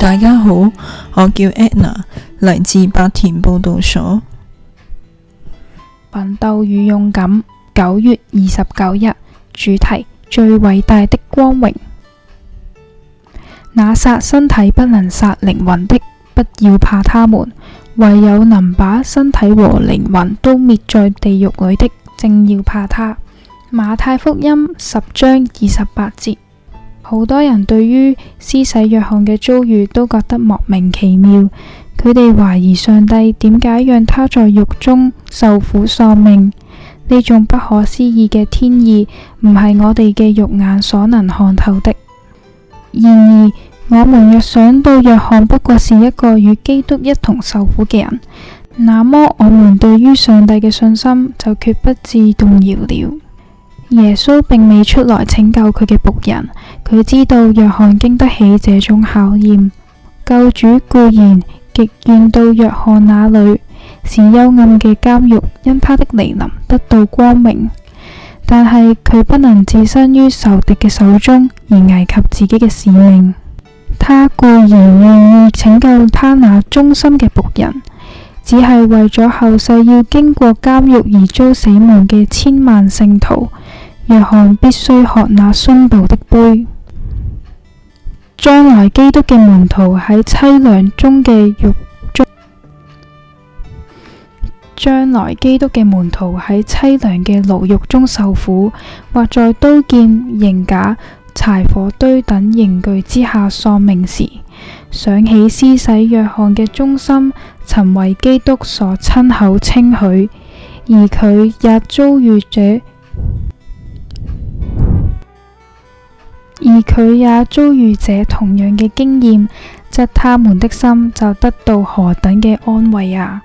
大家好，我叫 Anna，嚟自白田報道所。奮鬥與勇敢，九月二十九日，主題最偉大的光榮。那殺身體不能殺靈魂的，不要怕他們；唯有能把身體和靈魂都滅在地獄裏的，正要怕他。馬太福音十章二十八節。好多人對於施洗約翰嘅遭遇都覺得莫名其妙，佢哋懷疑上帝點解讓他在獄中受苦喪命？呢種不可思議嘅天意，唔係我哋嘅肉眼所能看透的。然而，我們若想到約翰不過是一個與基督一同受苦嘅人，那麼我們對於上帝嘅信心就絕不至動搖了。耶穌並未出來拯救佢嘅僕人，佢知道約翰經得起這種考驗。救主固然極願到約翰那裏，使幽暗嘅監獄因他的蒞臨得到光明，但係佢不能置身於仇敵嘅手中而危及自己嘅使命，他固然願意拯救他那忠心嘅僕人。只係為咗後世要經過監獄而遭死亡嘅千萬聖徒，約翰必須喝那殉道的杯；將來基督嘅門徒喺淒涼中嘅獄中，將來基督嘅門徒喺淒涼嘅牢獄中受苦，或在刀劍、刑架、柴火堆等刑具之下喪命時。想起施洗約翰嘅忠心，曾為基督所親口稱許，而佢也遭遇這，而佢也遭遇這同樣嘅經驗，則他們的心就得到何等嘅安慰啊！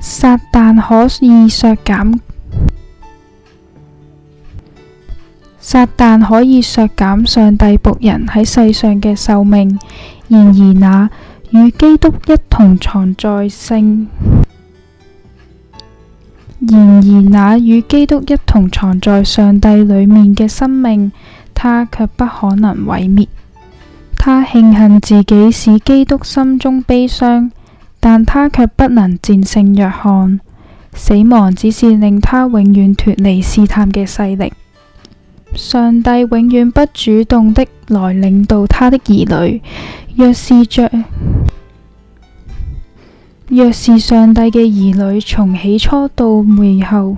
撒旦可以削減。撒旦可以削減上帝僕人喺世上嘅壽命，然而那與基督一同藏在聖，然而那與基督一同藏在上帝裏面嘅生命，他却不可能毀滅。他慶幸自己使基督心中悲傷，但他却不能戰勝約翰。死亡只是令他永遠脫離試探嘅勢力。上帝永遠不主動的來領導他的兒女。若是著若是上帝嘅兒女從起初到末後，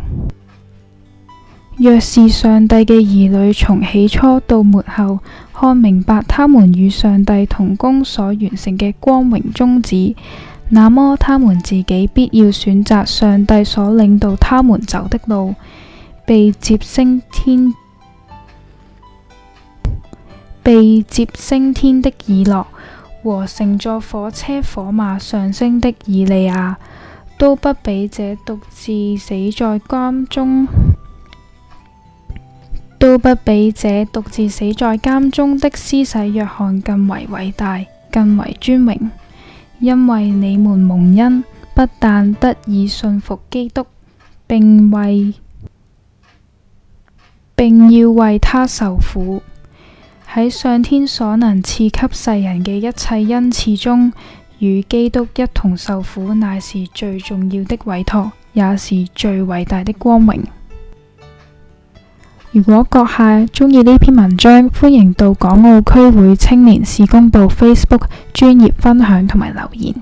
若是上帝嘅兒女從起初到末後，看明白他們與上帝同工所完成嘅光榮宗旨，那麼他們自己必要選擇上帝所領導他們走的路，被接升天。被接升天的以諾，和乘坐火車火馬上升的以利亞，都不比這獨自死在監中，都不比這獨自死在監中的施洗約翰更為偉大，更為尊榮。因為你們蒙恩，不但得以信服基督，並為並要為他受苦。喺上天所能賜給世人嘅一切恩賜中，與基督一同受苦，乃是最重要的委託，也是最偉大的光榮。如果閣下鍾意呢篇文章，歡迎到港澳區會青年事工部 Facebook 專頁分享同埋留言。